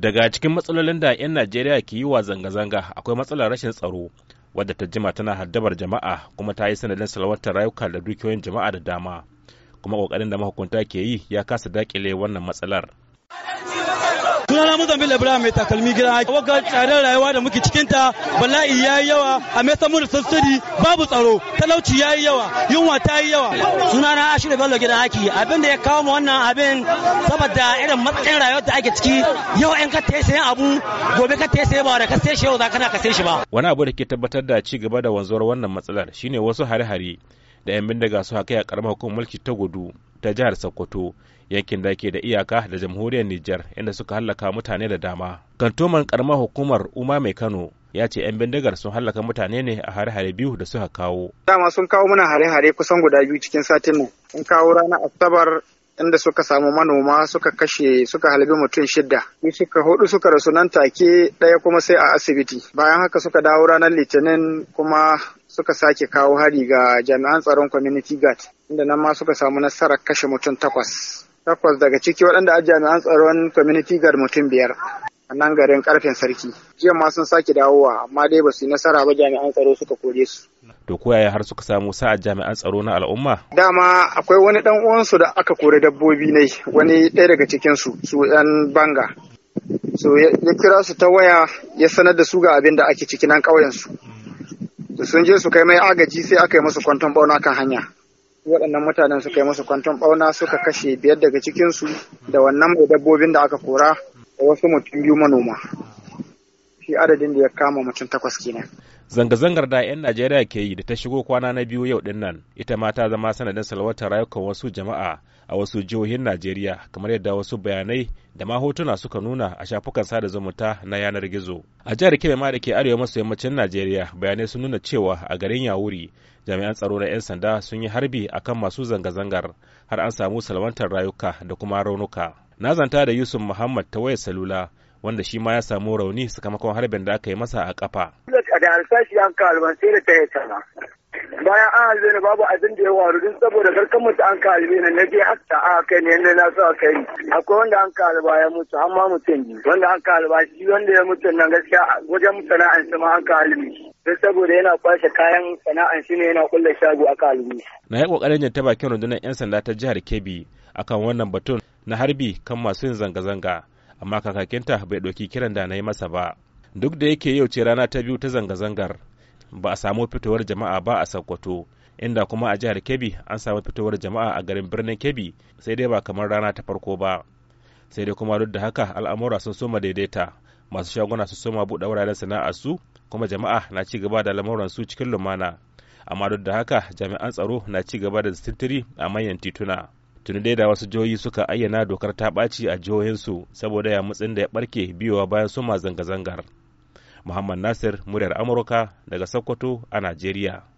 daga cikin matsalolin da 'yan najeriya ke yi wa zanga-zanga akwai matsalar rashin tsaro wadda ta jima tana haddabar jama'a kuma ta yi sanadin salwantar rayuka da dukiyoyin jama'a da dama kuma kokarin da mahukunta ke yi ya kasa dakile wannan matsalar sunana Musa Bello Ibrahim mai takalmi gidan haki. Wakar tsadar rayuwa da muke cikin ta bala'i yayi yawa a mai samun sassari babu tsaro talauci yayi yawa yunwa ta yi yawa. Sunana Ashiru Bello gidan haki abin da ya kawo mu wannan abin saboda irin matsayin rayuwar da ake ciki yau in ka taya sayan abu gobe ka taya sayan ba da ka sai shi yau za kana ka sai shi ba. Wani abu da ke tabbatar da ci gaba da wanzuwar wannan matsalar shine wasu hare-hare da 'yan bindiga su haka a karamar hukumar mulki ta gudu ta jihar sokoto yankin da ke da iyaka da jamhuriyar nijar inda suka hallaka mutane da dama kantoman karamar hukumar uma mai kano ya ce 'yan bindigar sun hallaka mutane ne a hare-hare biyu da suka kawo. Dama sun kawo mana hare-hare kusan guda biyu cikin satin nan. Sun kawo ranar Asabar inda suka samu manoma suka kashe suka halbi mutum shida suka hudu suka rasu nan take daya kuma sai a asibiti bayan haka suka dawo ranar litinin kuma suka sake kawo hari ga jami'an tsaron community guard inda nan ma suka samu nasarar kashe mutum takwas takwas daga ciki waɗanda a jami'an tsaron community guard mutum biyar a nan garin karfen sarki jiya ma sun sake dawowa amma dai ba su yi nasara ba jami'an tsaro suka kore su to ko yaya har suka samu sa'a jami'an tsaro na al'umma dama akwai wani dan uwansu da aka kore dabbobi ne wani ɗaya daga cikin su su yan banga so ya kira su ta waya ya sanar da su ga abin da ake ciki nan ƙauyen su sun je su kai mai agaji sai aka yi musu kwanton bauna kan hanya waɗannan mutanen suka yi musu kwanton ɓauna suka kashe biyar daga cikinsu da wannan mai dabbobin da aka kora wasu mutum biyu manoma shi adadin da ya kama mutum takwas kenan zanga-zangar da 'yan najeriya ke yi da ta shigo kwana na biyu yau din nan ita ma ta zama sanadin salwatar rayukan wasu jama'a a wasu jihohin najeriya kamar yadda wasu bayanai da ma hotuna suka nuna a shafukan sada zumunta na yanar gizo a jihar kebe ma da ke arewa maso yammacin najeriya bayanai sun nuna cewa a garin yawuri jami'an tsaro na 'yan sanda sun yi harbi akan masu zanga-zangar har an samu salwantar rayuka da kuma raunuka na zanta da yusuf muhammad ta wayar salula wanda shi ma ya samu rauni sakamakon harbin da aka yi masa a kafa da harsashi an da ta bayan an halbe ni babu abin da ya waru duk saboda garkan mutu an ka halbe ni na je hasta a kai ne na so a kai akwai wanda an ka halba ya mutu an ma mutum wanda an ka halba shi wanda ya mutu nan gaskiya wajen sana'an shi ma an ka halbe don saboda yana kwashe kayan sana'an shi ne yana kulle shago a ka halbe na yi kokarin yin ta bakin rundunar yan sanda ta jihar Kebbi akan wannan batun na harbi kan masu yin zanga-zanga amma kakakinta bai ɗauki kiran da na yi masa ba duk da yake yau ce rana ta biyu ta zanga-zangar ba a samu fitowar jama'a ba a sokoto inda kuma a jihar kebbi an samu fitowar jama'a a garin birnin kebbi sai dai ba kamar rana ta farko ba sai dai kuma duk da haka al'amura sun soma daidaita masu shaguna sun soma buɗe wuraren sana'ar su kuma jama'a na ci gaba da lamuran su cikin lumana amma duk da haka jami'an tsaro na ci gaba da sintiri a manyan tituna tuni dai da wasu jihohi suka ayyana dokar ta ɓaci a jihohinsu saboda ya mutsin da ya ɓarke biyowa bayan suma zanga-zangar muhammad nasir muryar amurka daga sokoto a najeriya